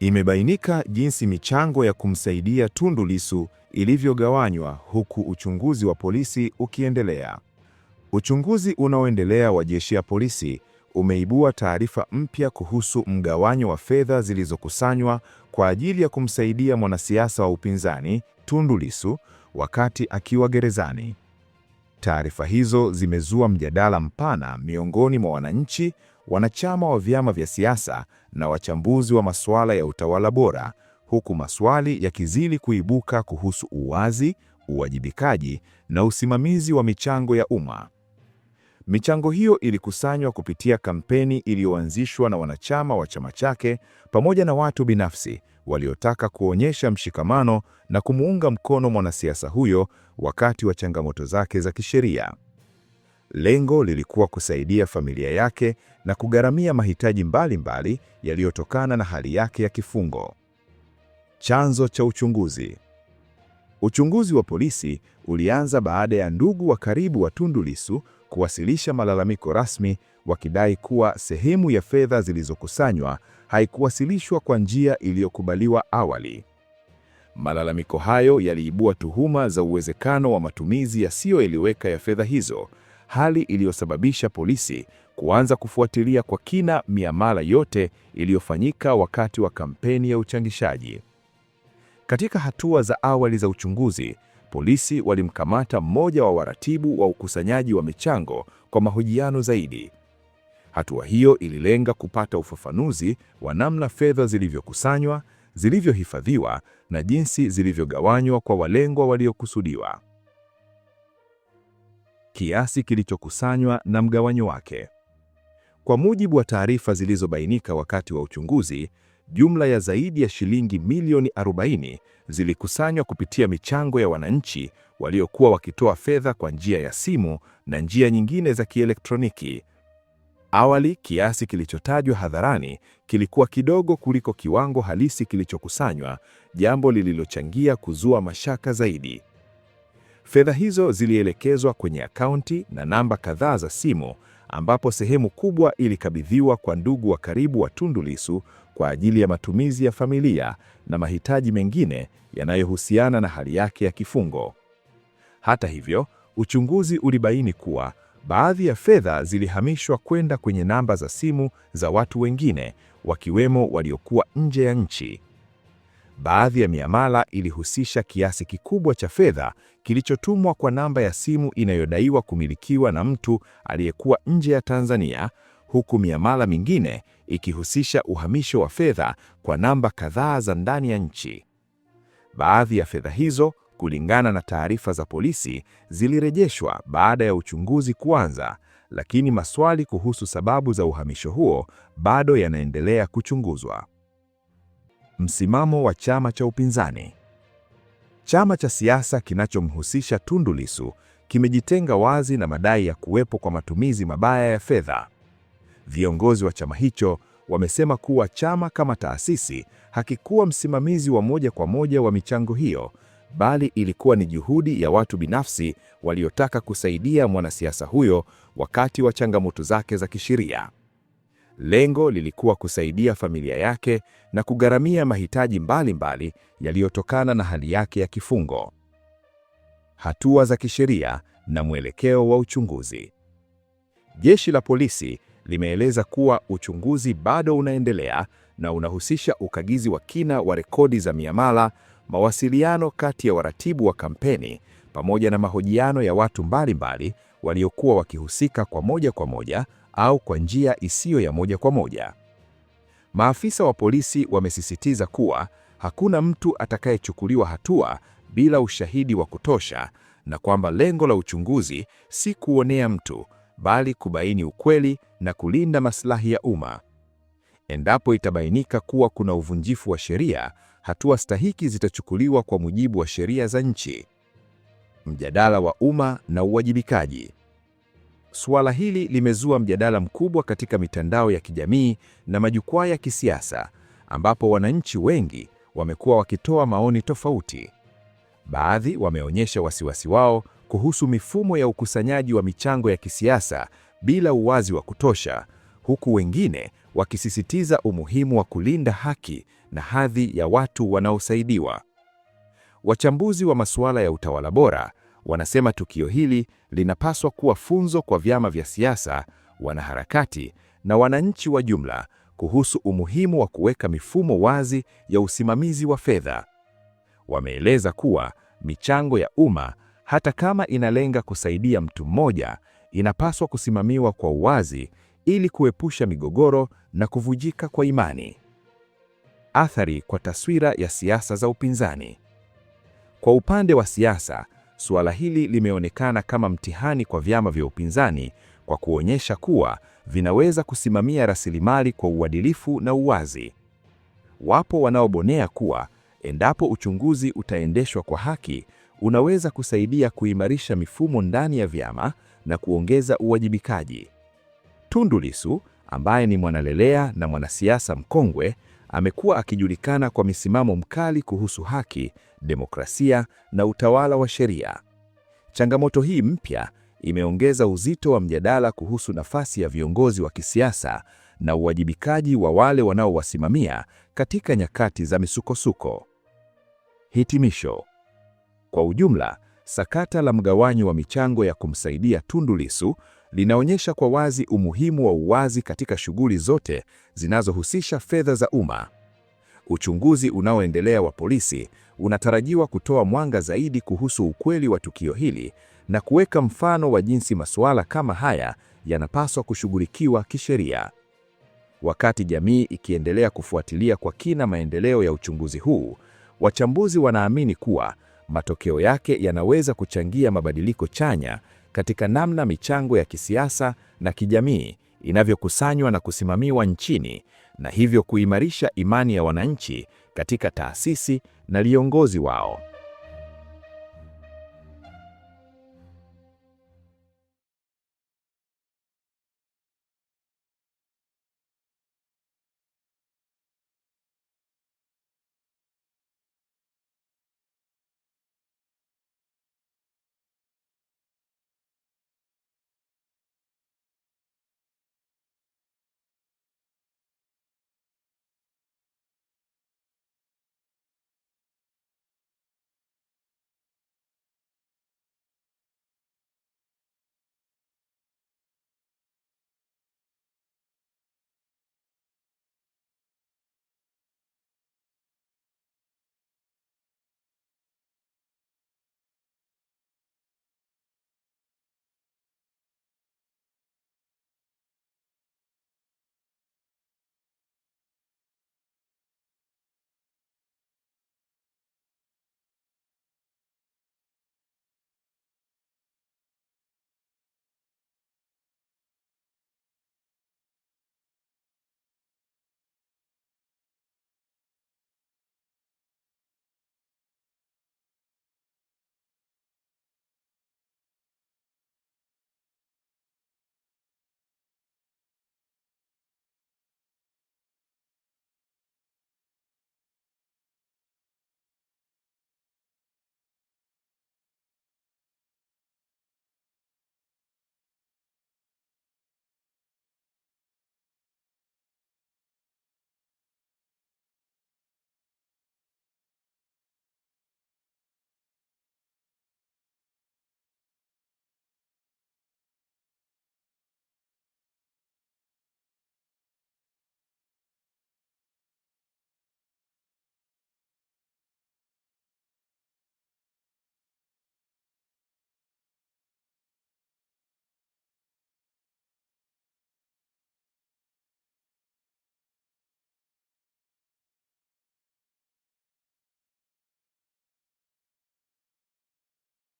Imebainika jinsi michango ya kumsaidia Tundu Lissu ilivyogawanywa huku uchunguzi wa polisi ukiendelea. Uchunguzi unaoendelea wa jeshi la polisi umeibua taarifa mpya kuhusu mgawanyo wa fedha zilizokusanywa kwa ajili ya kumsaidia mwanasiasa wa upinzani Tundu Lissu wakati akiwa gerezani. Taarifa hizo zimezua mjadala mpana miongoni mwa wananchi wanachama wa vyama vya siasa na wachambuzi wa masuala ya utawala bora, huku maswali yakizidi kuibuka kuhusu uwazi, uwajibikaji na usimamizi wa michango ya umma. Michango hiyo ilikusanywa kupitia kampeni iliyoanzishwa na wanachama wa chama chake pamoja na watu binafsi waliotaka kuonyesha mshikamano na kumuunga mkono mwanasiasa huyo wakati wa changamoto zake za kisheria. Lengo lilikuwa kusaidia familia yake na kugharamia mahitaji mbalimbali yaliyotokana na hali yake ya kifungo. Chanzo cha uchunguzi. Uchunguzi wa polisi ulianza baada ya ndugu wa karibu wa Tundu Lissu kuwasilisha malalamiko rasmi wakidai kuwa sehemu ya fedha zilizokusanywa haikuwasilishwa kwa njia iliyokubaliwa awali. Malalamiko hayo yaliibua tuhuma za uwezekano wa matumizi yasiyoeleweka ya fedha hizo hali iliyosababisha polisi kuanza kufuatilia kwa kina miamala yote iliyofanyika wakati wa kampeni ya uchangishaji. Katika hatua za awali za uchunguzi, polisi walimkamata mmoja wa waratibu wa ukusanyaji wa michango kwa mahojiano zaidi. Hatua hiyo ililenga kupata ufafanuzi wa namna fedha zilivyokusanywa, zilivyohifadhiwa na jinsi zilivyogawanywa kwa walengwa waliokusudiwa kiasi kilichokusanywa na mgawanyo wake. Kwa mujibu wa taarifa zilizobainika wakati wa uchunguzi, jumla ya zaidi ya shilingi milioni 40 zilikusanywa kupitia michango ya wananchi waliokuwa wakitoa fedha kwa njia ya simu na njia nyingine za kielektroniki. Awali, kiasi kilichotajwa hadharani kilikuwa kidogo kuliko kiwango halisi kilichokusanywa, jambo lililochangia kuzua mashaka zaidi. Fedha hizo zilielekezwa kwenye akaunti na namba kadhaa za simu ambapo sehemu kubwa ilikabidhiwa kwa ndugu wa karibu wa Tundu Lissu kwa ajili ya matumizi ya familia na mahitaji mengine yanayohusiana na hali yake ya kifungo. Hata hivyo, uchunguzi ulibaini kuwa baadhi ya fedha zilihamishwa kwenda kwenye namba za simu za watu wengine, wakiwemo waliokuwa nje ya nchi. Baadhi ya miamala ilihusisha kiasi kikubwa cha fedha kilichotumwa kwa namba ya simu inayodaiwa kumilikiwa na mtu aliyekuwa nje ya Tanzania, huku miamala mingine ikihusisha uhamisho wa fedha kwa namba kadhaa za ndani ya nchi. Baadhi ya fedha hizo, kulingana na taarifa za polisi, zilirejeshwa baada ya uchunguzi kuanza, lakini maswali kuhusu sababu za uhamisho huo bado yanaendelea kuchunguzwa. Msimamo wa chama cha upinzani. Chama cha siasa kinachomhusisha Tundu Lissu kimejitenga wazi na madai ya kuwepo kwa matumizi mabaya ya fedha. Viongozi wa chama hicho wamesema kuwa chama kama taasisi hakikuwa msimamizi wa moja kwa moja wa michango hiyo, bali ilikuwa ni juhudi ya watu binafsi waliotaka kusaidia mwanasiasa huyo wakati wa changamoto zake za kisheria. Lengo lilikuwa kusaidia familia yake na kugharamia mahitaji mbalimbali yaliyotokana na hali yake ya kifungo. Hatua za kisheria na mwelekeo wa uchunguzi. Jeshi la polisi limeeleza kuwa uchunguzi bado unaendelea na unahusisha ukagizi wa kina wa rekodi za miamala mawasiliano kati ya waratibu wa kampeni pamoja na mahojiano ya watu mbalimbali waliokuwa wakihusika kwa moja kwa moja au kwa njia isiyo ya moja kwa moja. Maafisa wa polisi wamesisitiza kuwa hakuna mtu atakayechukuliwa hatua bila ushahidi wa kutosha na kwamba lengo la uchunguzi si kuonea mtu bali kubaini ukweli na kulinda maslahi ya umma. Endapo itabainika kuwa kuna uvunjifu wa sheria hatua stahiki zitachukuliwa kwa mujibu wa sheria za nchi. Mjadala wa umma na uwajibikaji. Suala hili limezua mjadala mkubwa katika mitandao ya kijamii na majukwaa ya kisiasa, ambapo wananchi wengi wamekuwa wakitoa maoni tofauti. Baadhi wameonyesha wasiwasi wao kuhusu mifumo ya ukusanyaji wa michango ya kisiasa bila uwazi wa kutosha, huku wengine wakisisitiza umuhimu wa kulinda haki na hadhi ya watu wanaosaidiwa. Wachambuzi wa masuala ya utawala bora wanasema tukio hili linapaswa kuwa funzo kwa vyama vya siasa, wanaharakati na wananchi wa jumla kuhusu umuhimu wa kuweka mifumo wazi ya usimamizi wa fedha. Wameeleza kuwa michango ya umma, hata kama inalenga kusaidia mtu mmoja, inapaswa kusimamiwa kwa uwazi ili kuepusha migogoro na kuvujika kwa imani. Athari kwa taswira ya siasa za upinzani. Kwa upande wa siasa, suala hili limeonekana kama mtihani kwa vyama vya upinzani kwa kuonyesha kuwa vinaweza kusimamia rasilimali kwa uadilifu na uwazi. Wapo wanaobonea kuwa endapo uchunguzi utaendeshwa kwa haki, unaweza kusaidia kuimarisha mifumo ndani ya vyama na kuongeza uwajibikaji. Tundu Lissu ambaye ni mwanalelea na mwanasiasa mkongwe amekuwa akijulikana kwa misimamo mkali kuhusu haki, demokrasia na utawala wa sheria. Changamoto hii mpya imeongeza uzito wa mjadala kuhusu nafasi ya viongozi wa kisiasa na uwajibikaji wa wale wanaowasimamia katika nyakati za misukosuko. Hitimisho. Kwa ujumla, sakata la mgawanyo wa michango ya kumsaidia Tundu Lissu linaonyesha kwa wazi umuhimu wa uwazi katika shughuli zote zinazohusisha fedha za umma. Uchunguzi unaoendelea wa polisi unatarajiwa kutoa mwanga zaidi kuhusu ukweli wa tukio hili na kuweka mfano wa jinsi masuala kama haya yanapaswa kushughulikiwa kisheria. Wakati jamii ikiendelea kufuatilia kwa kina maendeleo ya uchunguzi huu, wachambuzi wanaamini kuwa matokeo yake yanaweza kuchangia mabadiliko chanya katika namna michango ya kisiasa na kijamii inavyokusanywa na kusimamiwa nchini na hivyo kuimarisha imani ya wananchi katika taasisi na viongozi wao.